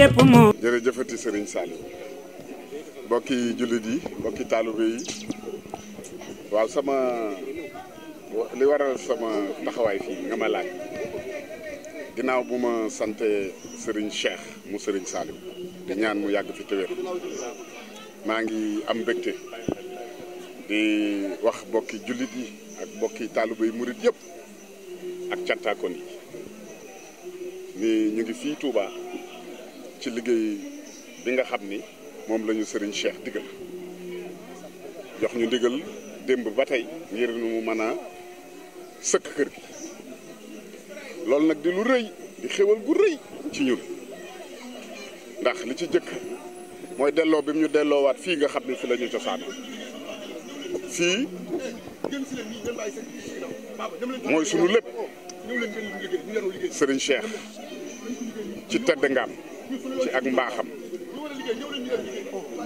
lépp moom jërëjëfati sëriñ Saliou mbokki jullit yi mbokki taalibe yi waaw sama li waral sama taxawaay fii nga ma laaj ginnaaw bu ma sante sëriñ Cheikh mu sëriñ Saliou di ñaan mu yàgg fi téwér maa ngi am mbégte di wax bokki jullit yi ak mbokki taalibe yi murit yëpp ak cantaakoon yi ni ñu ngi fii Touba. ci liggéey bi nga xam ni moom la sëriñ Serigne Cheikh digal jox ñu digal démb ba tey ngir mu mën a sëkk kër gi loolu nag di lu rëy di xéwal gu rëy ci ñun ndax li ci jëkk mooy delloo bi mu ñu delloowaat fii nga xam ne fi la ñu cosaan fii mooy sunu lépp Serigne Cheikh ci tedd ngaam ci ak mbaaxam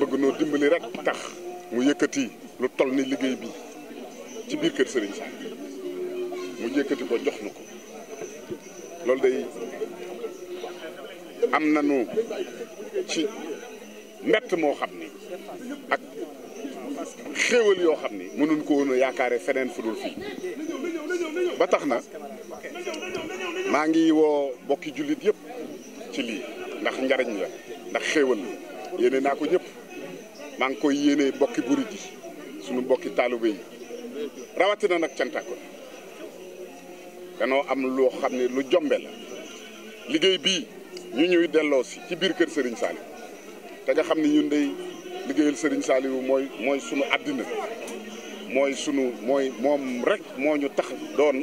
bëgg noo dimbali rek tax mu yëkkati lu toll ni liggéey bi ci biir kër sëriñ Saar mu yëkkati ko jox nu ko loolu day am nanu ci mbett moo xam ni ak xéewal yoo xam ni mënuñ ko woon yaakaare feneen fu dul fii ba tax na maa ngi woo bokki jullit yépp ci lii ndax njariñ la ndax xéewal la yéene naa ko ñëpp maa ngi koy yéene bokki burit yi suñu bokki taalibe yi rawatina nag cantakon danoo am loo xam ne lu jombe la liggéey bi ñu ñuy delloo si ci biir kër Serigne Saliou te nga xam ne ñun day liggéeyal sëriñ Saliou mooy mooy sunu àddina mooy sunu mooy moom rek moo ñu tax doon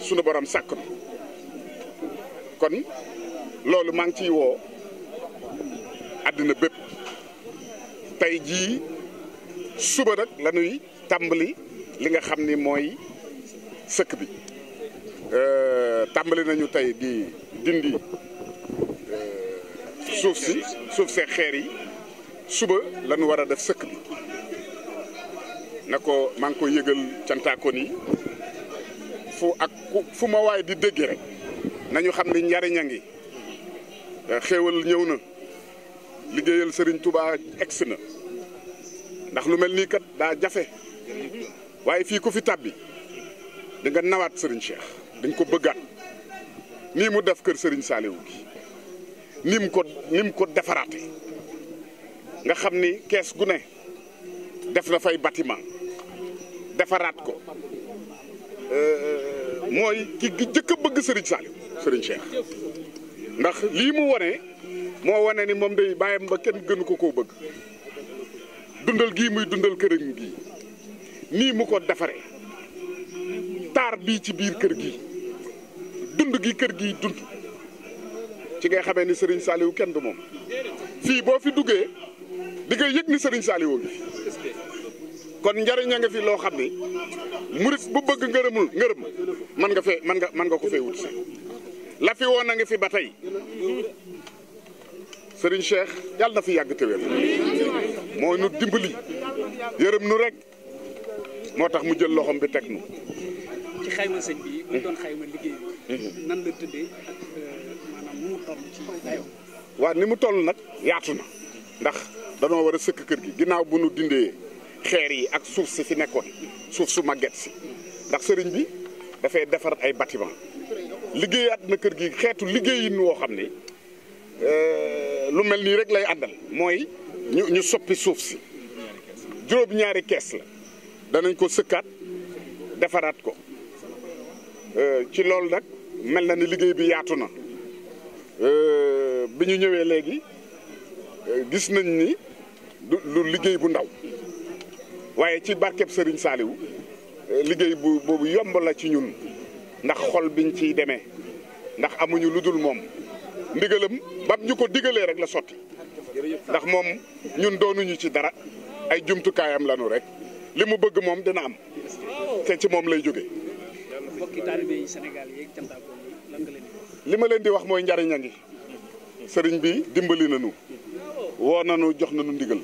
sunu borom sàkk kon loolu maa ngi ciy woo àddina bépp tey jii suba nag la tàmbali li nga xam ni mooy sëkk bi euh, tàmbali nañu tey di dindi euh, suuf si suuf see xeer yi suba la ñu war a def sëkk bi na ko maa ngi ko yëgal cantaakoon yi fu ak fu ma waay di dégg rek nañu xam ni njariñ a ngi Eh, xéewal ñëw na liggéeyal Serigne Touba egsi na ndax lu mel nii kat daa jafe waaye fii ko fi tàbbi di nawaat sëriñ Cheikh dañ ko bëggaat nii mu def kër sëriñ Saliou gi ni mu ko ni ko defaraate nga xam ni kees gu ne def na fay bâtiment defaraat ko eh, mooy ki gi jëkk bëgg Serigne Saliou Serigne Cheikh ndax lii mu wane moo wane ni moom day bàyyam ba kenn gënu ko koo bëgg dundal gii muy dundal këram gii nii mu ko defare taar bii ci biir kër gi dund gi kër gi dund ci ngay xamee ni sëriñ Saliou kenn du moom fii boo fi duggee di nga yëg ni sëriñ Saliou ngi kon njariñ a nga fi loo xam ni murit bu bëgg ngërëmul ngërëm mën nga fee mën nga mën nga ko feewul wut si la fi woon a ngi fi ba tey Serigne Cheikh yàlla na fi yàgg te wér moo nu dimbali yërëm nu rek moo tax mu jël loxom bi teg nu ci xayma sëñ bi bu mhm. la tëddee euh, ni mu toll nag yaatu na ndax danoo war a sëkk kër gi ginnaaw bu nu dindee xeer yi ak suuf si fi nekkoon suuf su màgget si ndax sëriñ bi dafay defar ay bâtiment liggéeyaat na kër gi xeetu liggéeyin woo xam ni euh, lu mel nii rek lay àndal mooy ñu ñu soppi suuf si juróom-ñaari kees la danañ ko sëkkaat defaraat ko euh, ci loolu nag mel na ni liggéey bi yaatu na euh, bi ñu ñëwee léegi gis nañ ni lu liggéey bu ndaw waaye ci barkeb Serigne saaliw liggéey bu boobu yomb la ci ñun ndax xol biñ ciy demee ndax amuñu lu dul moom ndigalam bam ñu ko digalee rek la sotti ndax moom ñun doonuñu ci dara ay jumtukaayam lanu rek li mu bëgg moom dina am te ci moom lay jóge li ma leen di wax mooy njariñ ni sëriñ bi dimbali nañu woo na nañu jox na nañu ndigal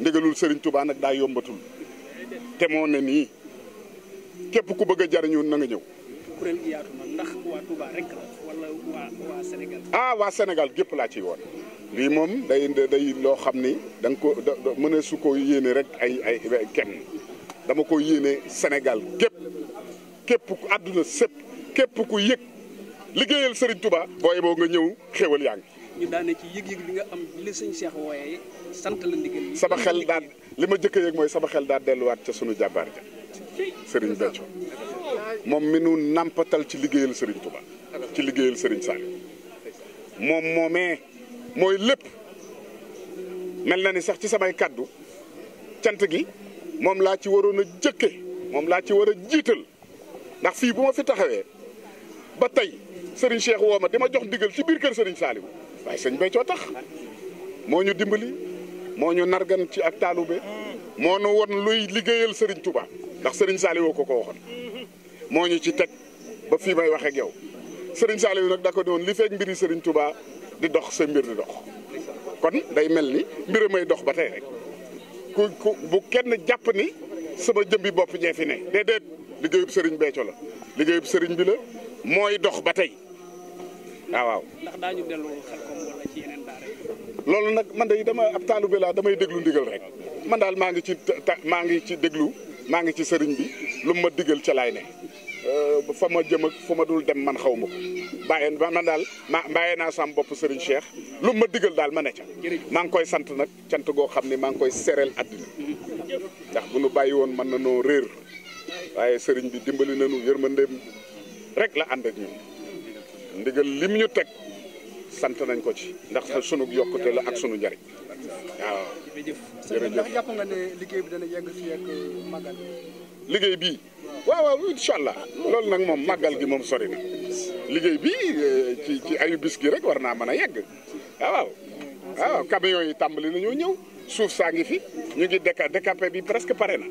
ndigalul sëriñ Tuubaa nag daa yombatul te moo ne nii képp ku bëgg a jariñu na nga ñëw. kuréel gi yaatu na ndax waa Touba ah, gépp laa ci woon lii moom day day loo xam ni da ko da mën a su ko yéene rek ay ay kenn dama ko yéene senegal gépp képp ku àdduna sépp képp ku yëg liggéeyal Serigne Touba booy boo nga ñëw xéwal yaa ngi. ñu daane ci yëg bi nga am sëñ Cheikh wooyee sant la ndigal sama xel daal li ma jëkk a mooy sama xel daal delluwaat ca sunu jàmbaar ja sëriñ Béthio moom mi nu nàmpatal ci liggéeyal sëriñ Touba ci liggéeyal Serigne Saliou moom moomee mooy lépp mel na ni sax ci samay kàddu cant gi moom laa ci waroon a jëkke moom laa ci war a jiital ndax fii bu ma fi taxawee ba tey Serigne Cheikh woo ma di ma jox ndigal ci biir kër Serigne Saliou waaye sëñ Béthio tax moo ñu dimbali moo ñu nargan ci ak taalube moo nu won luy liggéeyal sëriñ Touba. ndax Serigne Saliou ko ko waxoon moo ñu ci teg ba fi may wax ak yow Serigne Saliou nag da ko doon li feeg mbiri sëriñ Touba di dox sa mbir di dox kon day mel ni mbir may dox ba tey rek ku ku bu kenn jàpp ni sama jëmbi bopp jee fi ne déedéet liggéeyub sëriñ Béthio la liggéeyub sëriñ bi la mooy dox ba tey waaw waaw. loolu nag man day dama ab taalibe laa damay déglu ndigal rek man daal maa ngi ci maa ngi ci déglu. maa ngi ci sëriñ bi lu ma digal ca laay ne euh, fa ma jëm ak fa ma dul dem man xaw ma ko bàyyee na daal ma bàyyee naa sam bopp sëriñ Cheikh lu ma digal daal ma ne ca maa ngi koy sant nag cant goo xam ne maa ngi koy sereel àddina ndax bu nu bàyyi woon man na noo réer waaye sëriñ bi dimbali nañu yërmandeem rek la ànd ak ñun ndigal lim ñu teg sant nañ ko ci ndax sunug yokkute la ak sunu njariñ waaw jërëjëf ndax jàpp nga ne liggéey bi dana yegg fii waaw waaw incha allah loolu nag moom gi moom sori na liggéey bi eh, ci ci ayu bis gi rek war naa mën a yegg waaw waaw camion yi tàmbali nañoo ñëw suuf saa ngi fi ñu ngi déca décapé bi presque pare na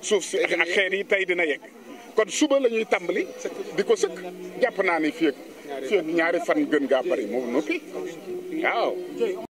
suuf si ak xeer yi tey dina yegg kon suba la ñuy tàmbali sëkk jàpp naa ni fii ak fii ak ñaari fan gën gaa bari moom noppi waaw